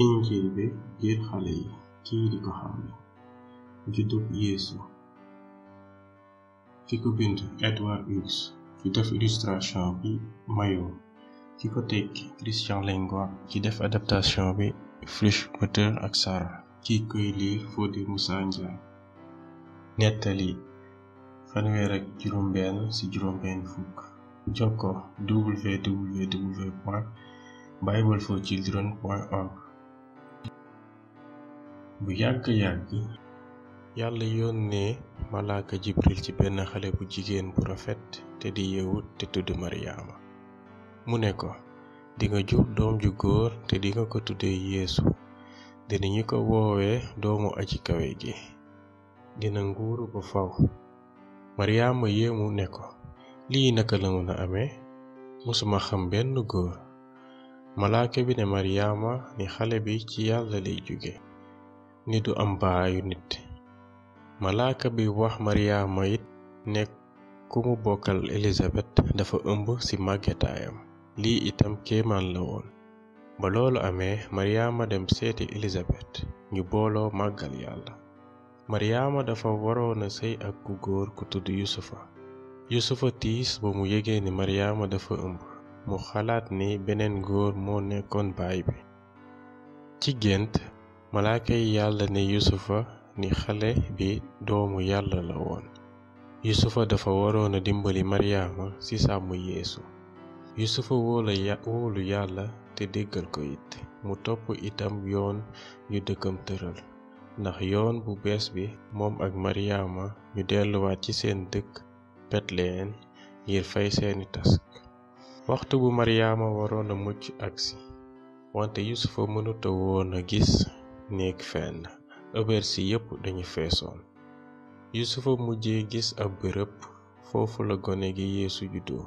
injil bi ngir xale yi kii di ko xamle juddub yeesu ki ko bind edward hughes ki def illustration bi mayo ki ko tekki christian lingua ki def adaptation bi flush potter ak sara ki koy liir fodi musa njaay nettali fanweer ak juróom benn ci juróom benn fukk jokko www point bibleforchildren point org bu yàgg-yàgg yàlla yónnee malaaka jibril ci benn xale bu jigéen bu rafet te di yewut te tudd maryaama mu ne ko dinga jur doom ju góor te dinga ko tuddee yeesu dinañu ko woowee doomu aji kawe gi dina nguuru bu faw maryaama yéemu ne ko lii naka la mën a amee mësuma xam benn góor malaaka bi ne maryaama ni xale bi ci yàlla lay jóge ni du am baayu nit malaaka bi wax maryaama it ne ku mu bokkal elisabet dafa ëmb ci màggetaayam lii itam kéemaan la woon ba loolu amee maryaama dem seeti elisabet ñu booloo màggal yàlla maryaama dafa waroon a sëy ak ku góor ku tudd yusufa yusufa tiis ba mu yëgee ni maryaama dafa ëmb mu xalaat ni beneen góor moo nekkoon baay bi ci gént malaaka yi yàlla ne yusufa ni xale bi doomu yàlla la woon yusufa dafa waroon a dimbali maryaama ci sàmm yeesu yusufa wóola wóolu yàlla te déggal ko it mu topp itam yoon yu dëkkam tëral ndax yoon bu bees bi moom ak maryaama ñu delluwaat ci seen dëkk betlehem ngir fay seeni task waxtu bu maryaama waroon a mucc agsi wante yusufa mënuta woon a gis néeg fenn auberge yi yépp dañu feesoon yusufa mujje gis ab bërëb foofu la gone gi yeesu juddoo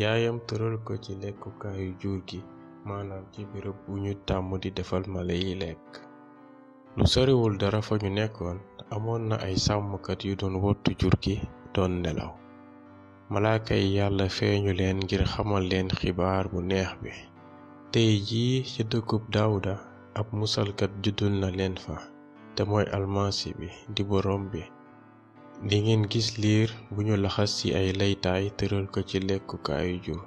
yaayam tëral ko ci lekkukaayu jur gi maanaam ci bërëb bu ñu tàmm di defal mala yi lekk lu soriwul dara fa ñu nekkoon amoon na ay sàmmkat yu doon wottu jur gi doon nelaw malaaka yi yàlla feeñu leen ngir xamal leen xibaar bu neex bi tey jii ci dëkkub daawuda ab musalkat juddul na leen fa te mooy almasi bi di borom bi di ngeen gis liir bu ñu laxas ci ay laytaay tëral ko ci lekkukaayu jur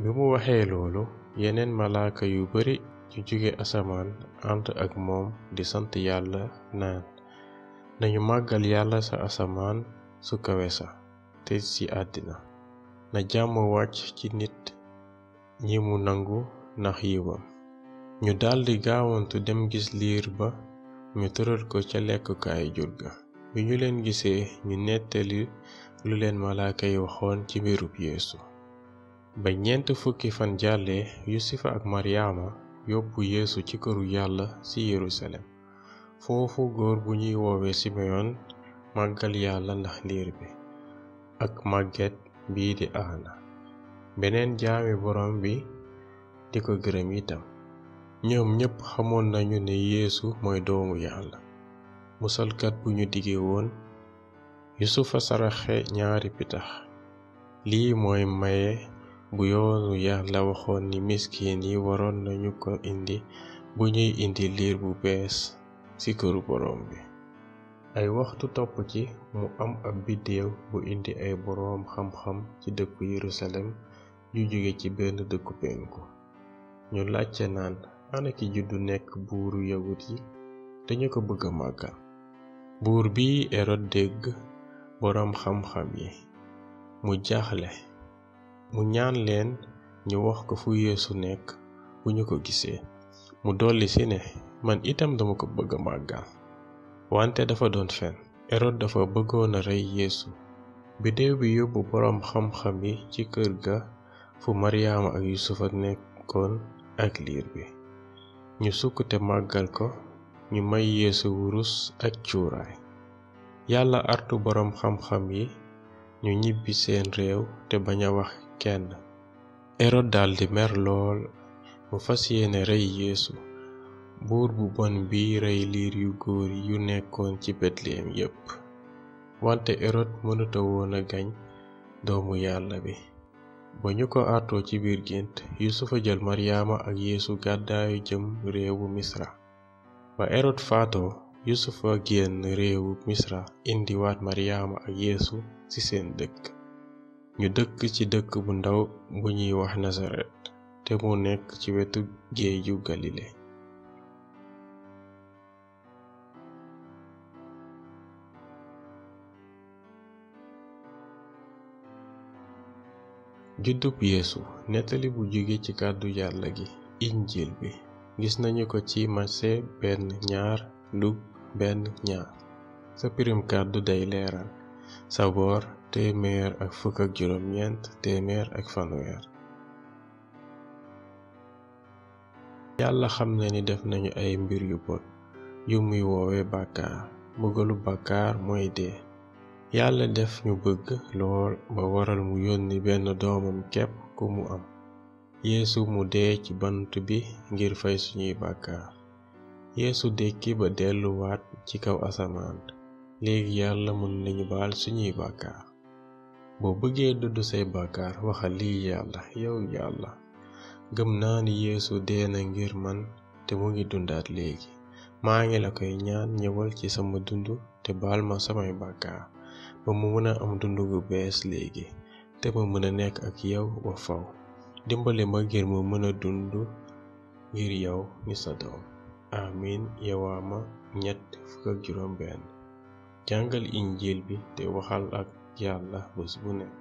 bi mu waxee loolu yeneen malaaka yu bari ñu jóge asamaan ànd ak moom di sant yàlla naan nañu màggal yàlla sa asamaan su kawe sa te ci àddina na jàmm wàcc ci nit ñi mu nangu ndax yiwam ñu daldi gaawantu dem gis liir ba ñu tëral ko ca lekkukaay jur ga bi ñu leen gisee ñu nettali lu leen malaaka yi waxoon ci mbirub yeesu ba ñeent fukki fan jàllee yusufa ak maryaama yóbbu yéesu ci këru yàlla ci yerusalem foofu góor bu ñuy woowee simeyon màggal yàlla ndax liir bi ak màgget bii di aana beneen jaami borom bi di ko gërëm itam ñoom ñépp xamoon nañu ne yéesu mooy doomu yàlla musalkat bu ñu dige woon yusufa saraxe ñaari pitax lii mooy maye bu yoonu yàlla waxoon ni miskin yi waroon nañu ko indi bu ñuy indi liir bu bees ci këru boroom bi ay waxtu topp ci mu am ab biddéew bu indi ay boroom xam-xam ci dëkku yerusalem ñu jóge ci benn dëkku penku ñu làcce naan ana ki juddu nekk buuru yawut yi dañu ko bëgg a màggal buur bi erod dégg boroom xam-xam yi mu jaaxle mu ñaan leen ñu wax ko fu yeesu nekk bu ñu ko gisee mu dolli si ne man itam dama ko bëgg a màggal wante dafa doon fen erod dafa bëggoon a rey yéesu biddew bi yóbbu boroom xam-xam yi ci kër ga fu maryaama ak yusufa nekkoon ak liir bi ñu sukk te màggal ko ñu may yeesu wurus ak cuuraay yàlla artu boroom xam-xam yi ñu ñibbi seen réew te bañ a wax kenn erod daldi mer lool mu fas yéene rey yeesu buur bu bon bi rey liir yu góor yu nekkoon ci betleyem yépp wante erod mënuta woon a gañ doomu yàlla bi ba ñu ko àttoo ci biir gént yusufa jël maryaama ak yéesu gàddaayu jëm réewu misra ba erod faatoo yusufa génn réewu misra indi waat maryaama ak yéesu ci seen dëkk ñu dëkk ci dëkk bu ndaw bu ñuy wax nasaret te mu nekk ci wetu géeju galile juddug yéesu nettali bu jóge ci kàddu yàlla gi injil bi gis nañu ko ci màrse benn ñaar luk benn ñaar sa pirim kàddu day leeral saboor téeméer ak fukk yàlla xam na ni def nañu ay mbir yu bon yu muy woowe bàkkaar mbugalu bàkkaar mooy dee yàlla def ñu bëgg lool ba waral mu yónni benn doomam képp ku mu am yéesu mu dee ci bant bi ngir fay suñuy bàkkaar yéesu dekki ba delluwaat ci kaw asamaan léegi yàlla mën nañu baal suñuy bàkkaar boo bëggee dudd say bàkkaar waxal lii yàlla yow yàlla gëm naa ni yéesu dee na ngir man te mu ngi dundaat léegi maa ngi la koy ñaan ñëwal ci sama dund te baal ma samay bàkkaar ba mu mën a am dund gu bees léegi te ma mën a nekk ak yow ba faw dimbale ma ngir ma mën a dund ngir yow ni sa doom amin yawaama ñett fukk ak juróom benn jàngal injil bi te waxal ak yàlla bés bu nekk